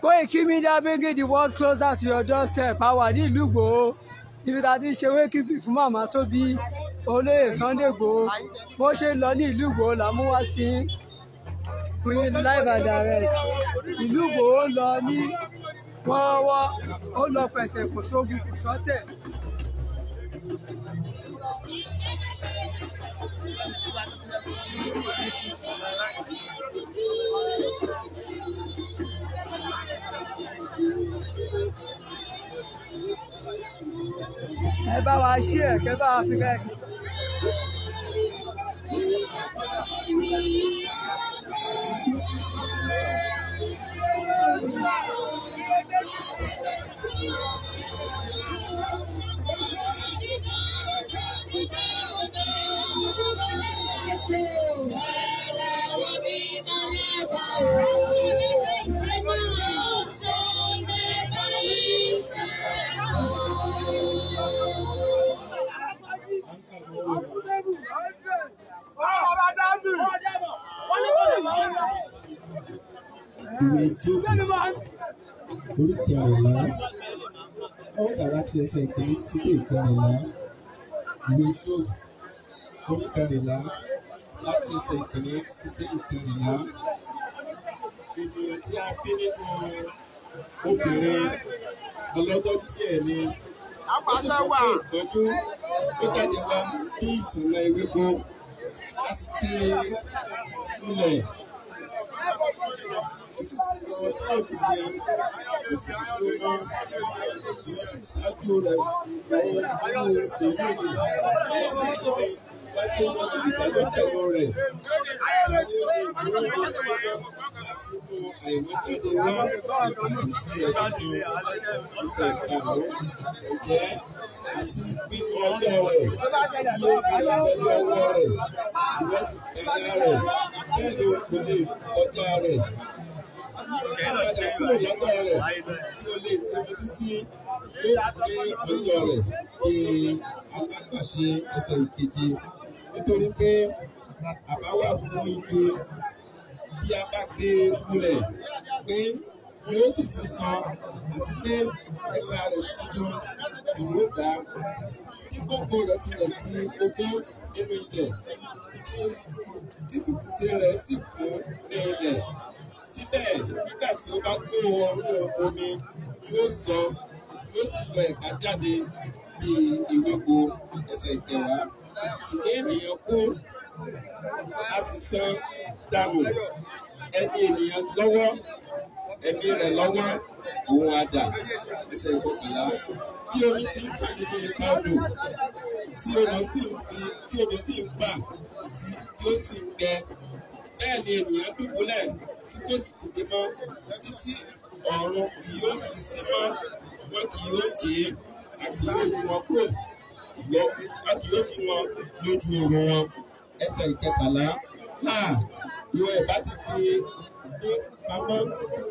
Koiki Media bringing the world closer to your doorstep a wà ní ìlú Ìgbòho ibi tá a ti ń ṣe wékìpì fún màmá tó bí olóyè Sunday Igboho bó ṣe lọ ní ìlú Ìgbòho là mú wá sí fún yín live and direct ìlú Ìgbòho lọ ní wọ́ọ́wọ́ ó lọ pẹ̀sẹ̀ kò sógun kò sọ́tẹ̀ ẹ bá wa ṣí ẹ kẹ bá wa fi bẹ́ẹ̀. ìwé jókòó orí kẹrìnlá ọwọ́ sàrà ti ẹsẹ̀ ìkíní síkè kẹrìnlá ìwé jókòó orí kẹrìnlá láti ẹsẹ̀ ìkíní síkè kẹrìnlá ènìyàn tí a bí nínú obìnrin ọlọ́jọ́ díẹ̀ ni ó sì kọ́ fún ìtọ́jú ó jáde wá bí ìtìlẹ̀ ewéko a sì ké lulẹ̀ láti jẹ òsì tó mọ yusuf ṣáájú rẹ àwọn nínú èyí èdè wọn sì ọjọ́ rẹ̀ iye oṣù tẹ̀lé ọwọ́ rẹ̀ ìwọ́n ti kájá rẹ̀ bẹ́ẹ̀ ni kò lè kọjá rẹ̀ padà kúrò lọ́dọ̀ rẹ̀ kí o lè sinmi títí yóò gbé ọjọ́ rẹ̀ pé alágbàṣe ẹsẹ̀ ìkeje nítorí pé àbá fún ibi bí a bá gé kulẹ̀ pé yóò sì tún san àti pé ẹgbàá rẹ̀ tijọ́ ìwé dá bí gbogbo rẹ̀ tilẹ̀ di ogún nínú ilẹ̀ tí kùkùté rẹ̀ sì kún ní ilẹ̀ síbẹ̀ nígbà tí ó bá kó ọrùn omi yóò sọ yóò sì lọ ẹ̀ka jáde bí ewéko ẹsẹ̀ ìkẹwàá ṣùgbọ́n ènìyàn kú a sì san dànù ẹni ènìyàn lọ́wọ́ ẹ̀mí rẹ̀ lọ́wọ́ òun àdà ẹsẹ̀ ìkọkànlá bí omi ti ń tàn nínú ipa odò tí odò sì ń bà tí ó sì ń gbẹ bẹ́ẹ̀ ni ènìyàn dùbúlẹ̀ tí kò sì dìde mọ́ títí ọ̀run kì yóò fi sí mọ́ wọn kì yóò jẹ́ a kì yóò jí wọn kúrò lọ a kì yóò jí wọn lójú oorun wọn ẹsẹ̀ ìkẹtàlá náà ìwọ ẹ̀ bá ti gbé gbé pamọ́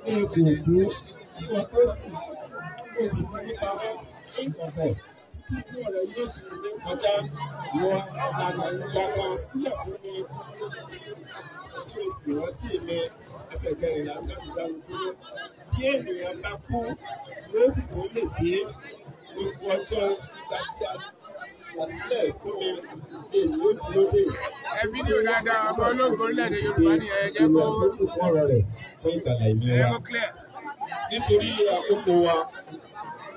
ní ipò òkú ìwọ tó sì kó o sì fi gbé pamọ́ ní ìkọ̀kọ̀ títí ìwọ rẹ yóò fi gbé kọjá ìwọ lànà ìgbàgbọ́ sílẹ̀ fún ìsìnrántí mi ẹsẹ̀ kẹrìnlá tí wọ́n ti dá wọn dúró bí ènìyàn bá kú ló sì tó lè gbé gbogbo ọjọ́ ìgbà tí a gbà sílẹ̀ fún mi lè ní òdúró lè. ẹbí ni òdàdà ọmọ ológun lẹ́nu Yorùbá ni ẹ jẹ́ kó. ìlú àkókò kọ́ra rẹ̀ fún ìgbàlá ìlera nítorí àkókò wa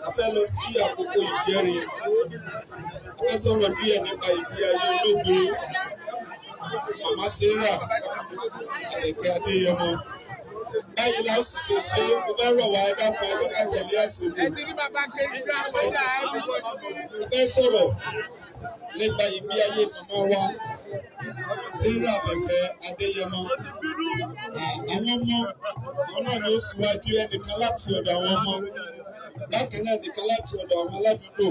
a fẹ́ lọ sí àkókò ìjẹ́rin a fẹ́ sọ̀rọ̀ díẹ̀ nípa ìgbé ayé olóògbé màmá Sarah. àrèké adéyẹmọ báyìí la ó sì ṣe ṣe mo fẹ́ rọ̀ wá dápọ̀ ẹni ká tẹ̀lé àsìkò mo fẹ́ sọ̀rọ̀ nípa ìgbé ayé mọ̀mọ́ wa Sarah àbẹ̀kẹ́ adéyẹmọ àwọn ọmọ àwọn náà ló síwájú ẹnìkan láti ọ̀dọ̀ àwọn ọmọ bákan náà ẹnìkan láti ọ̀dọ̀ àwọn aládùúgbò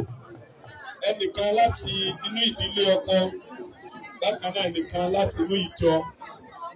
ẹnìkan láti inú ìdílé ọkọ bákan náà ẹnìkan láti inú ìjọ.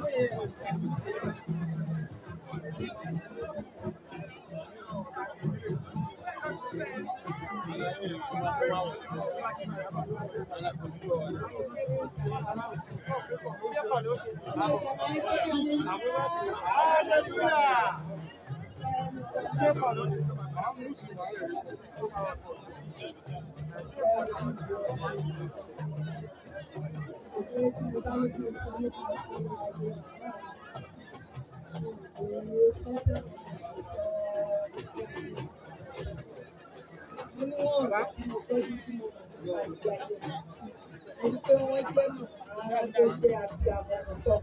Aleluia! pé kálukú sọ nípa ìgbé ayé náà òun ló sọ́tà sọ ìgbé ayé mo ní wọn ọ̀rọ̀ tí mo tọ́jú tí mo mọ̀ nípa ara tó jẹ́ abiyamọ tó tọ́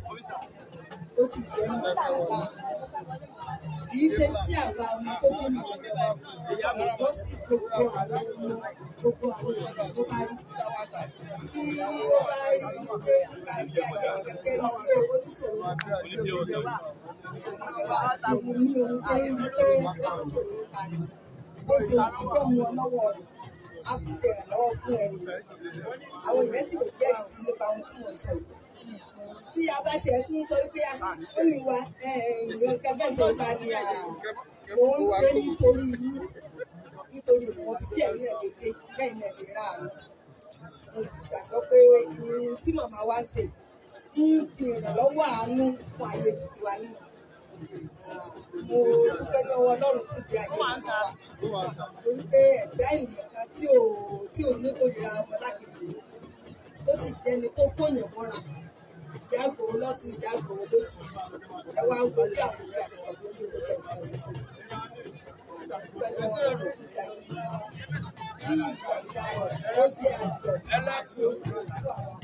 ó sì jẹ́ màmá ara kì í ṣe sí àwa ọmọ tó bí nìkan ṣùgbọ́n sí gbogbo àwọn ọmọ gbogbo àwọn ènìyàn tó bá rí tí ó bá rí pé nípa ilé ayé ní kẹ̀kẹ́ ní èrò oníṣòwò nípa ìlú ìjọba àwa mo ní ohun tó ń rí pé oníṣòwò nípa ìlú bó ṣe tó mú ọ lọ́wọ́ rẹ̀ á fi ṣèrànlọ́wọ́ fún ẹni àwọn èèyàn sì lè jẹ́rìí sí nípa ohun tí wọ́n sọ yìí tí a bá tiẹ̀ tún sọ pé olùwà nǹkan bẹ́ẹ̀ tó bá ní à ah, mò ń ṣe nítorí yín nítorí ìmọ̀ bí tí ẹ̀yin náà lè dé bẹ́ẹ̀ náà lè ra àmì mo sì gbàgbọ́ pé irun tí màmá wa ṣe yìí ìrànlọ́wọ́ àánú fún ayé títí wa ní ah, mo dúpẹ́ lọ́wọ́ ọlọ́run fún ìdí ayé màmá wa torí pé ẹ̀dá ènìyàn kan tí ò tí ò ní kórìíra ọmọlákejì tó sì jẹ́ni tó kóyàn mọ́ra ìyá Ìgbòho lọ́tún ìyá ẹ wá ń wọlé àwọn èèyàn ti pọ̀ tó nítorí ẹ̀ka ṣoṣo pẹ̀lú ọ̀rọ̀ ìgbà yìí bí ìgbà ìdarọ̀ ó jẹ́ àjọ láti orílẹ̀ ìlú àwọn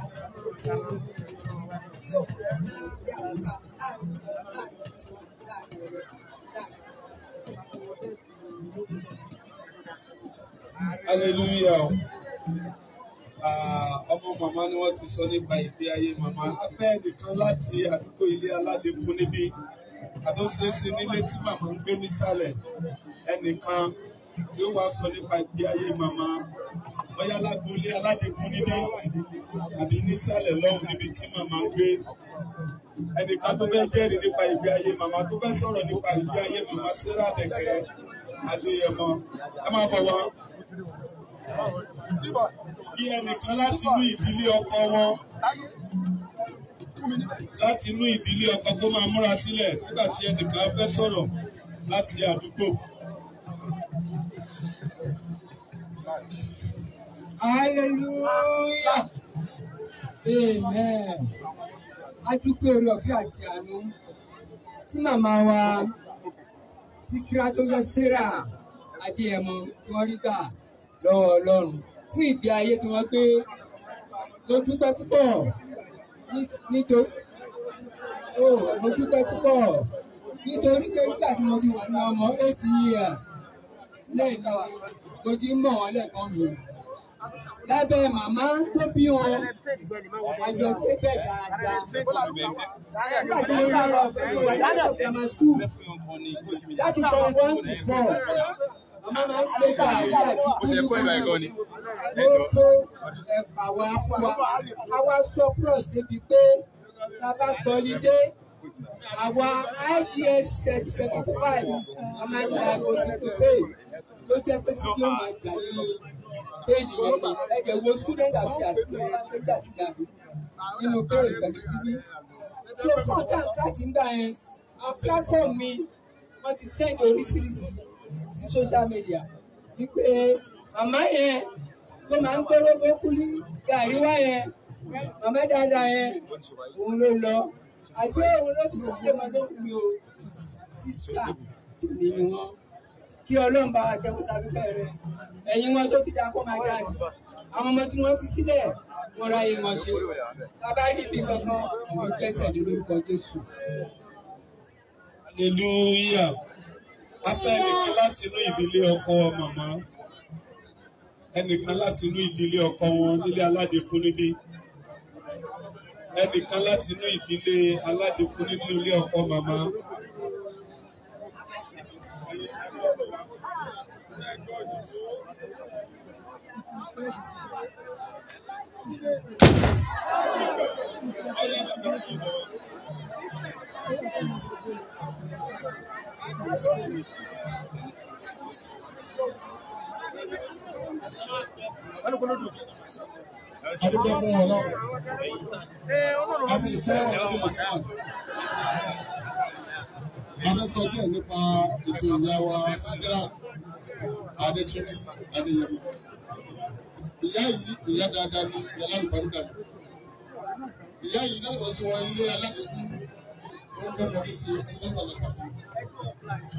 àti gbogbo bí òkú rẹ̀ ní ìdí àkókò láàrin ìjọ láàrin ọdún àti láàrin rẹ̀ àti láàrin ọdún. Hallelujah. Ah, ọmọ màmá ni wọ́n ti sọ nípa ìgbé ayé màmá afẹ́ nìkan láti àdúgbò ilé aládékun níbí àdóṣeéṣe nílé tí màmá ń gbé nísàlẹ̀ ẹnìkan tí ó wá sọ nípa ìgbé ayé màmá bóyá lágboolé aládékun níbí àbí nísàlẹ̀ lọ́hùn níbi tí màmá ń gbé ẹnìkan tó fẹ́ jẹ́rìí nípa ìgbé ayé màmá tó fẹ́ sọ̀rọ̀ nípa ìgbé ayé màmá Sarah Adékẹ́ Adéyẹmọ ẹ máa bọ̀ wá bí ẹnìkan láti inú ìdílé ọkọ wọn láti inú ìdílé ọkọ kó máa múra sílẹ̀ nígbà tí ẹnìkan fẹ́ sọ̀rọ̀ láti àdúgbò. hallelujah amen adúpẹ́ orí ọ̀fẹ́ àti àánú tí màmá wa tí kíra tó fẹ́ Sarah Adéyẹmọ tí wọ́n rí gbà lọ́wọ́ Ọlọ́run fún ìgbé ayé tí wọ́n gbé mo dúpẹ́ púpọ̀ nítorí o mo dúpẹ́ púpọ̀ nítorí pé nígbà tí mo ti wà ní ọmọ eight years lẹ́ẹ̀kan mo ti mọ̀ wọ́n lẹ́ẹ̀kan mi lábẹ́ màmá tó bí wọn àjọ gbé bẹ̀ dáadáa nígbà tí mo lọ rọ̀ fẹ́ ló wà ní ọ̀gá máa school láti from one to four ọmọ máa ń gbé gàrí àti búrúkú ló tó ẹ̀pà wá fún wa àwa surplus débi pé tá a bá gbọ́lidé àwa IGS set seventy five a máa ń da ago sí tó pé ló jẹ́ pé sí tí ó máa jà nínú péèjì yẹn ni ẹ̀jẹ̀ wo student àti àtúntò máa platform mi wọ́n ti send oríṣiríṣi sí social media wípé màmá yẹn tó máa ń gbóró bókúlí gàrí wá yẹn màmá dáadáa yẹn òun ló lọ àṣé òun ló bìí sọ́kúlé máa tó fún o sísítà èmi ni wọ́n kí ọlọ́run bá wa jẹ́kọ́ sáfẹ́fẹ́ rẹ ẹ̀yin wọn tó ti dáa kó máa dáa sí àwọn ọmọ tí wọ́n fi sílẹ̀ wọn ráyè wọn ṣe bàbá rí ibi kankan ìwé gbẹ́sẹ̀ ní lórúkọ Jésù. hallelujah afẹ́ ẹnìkan láti inú ìdílé ọkọ màmá ẹnìkan láti inú ìdílé ọkọ wọn nílé aládìkún níbí ẹnìkan láti inú ìdílé aládìkún nílé ilé ọkọ màmá. Thank you. alukolodo adúgbò fún wọn náà àfi fún ọdún mọ̀tàn abẹ́sọ díẹ̀ nípa ètò ìyá wa Sidirat Adétúnjí Adéyẹmọ ìyá yìí ìyá dáadáa ni ìyá lálùbáríkà ni ìyá yìí náà lọ sí wọn ilé alágbèékú tó ń gbọ́ wọn kí ṣe ń bọ́ pàlàpàṣẹ.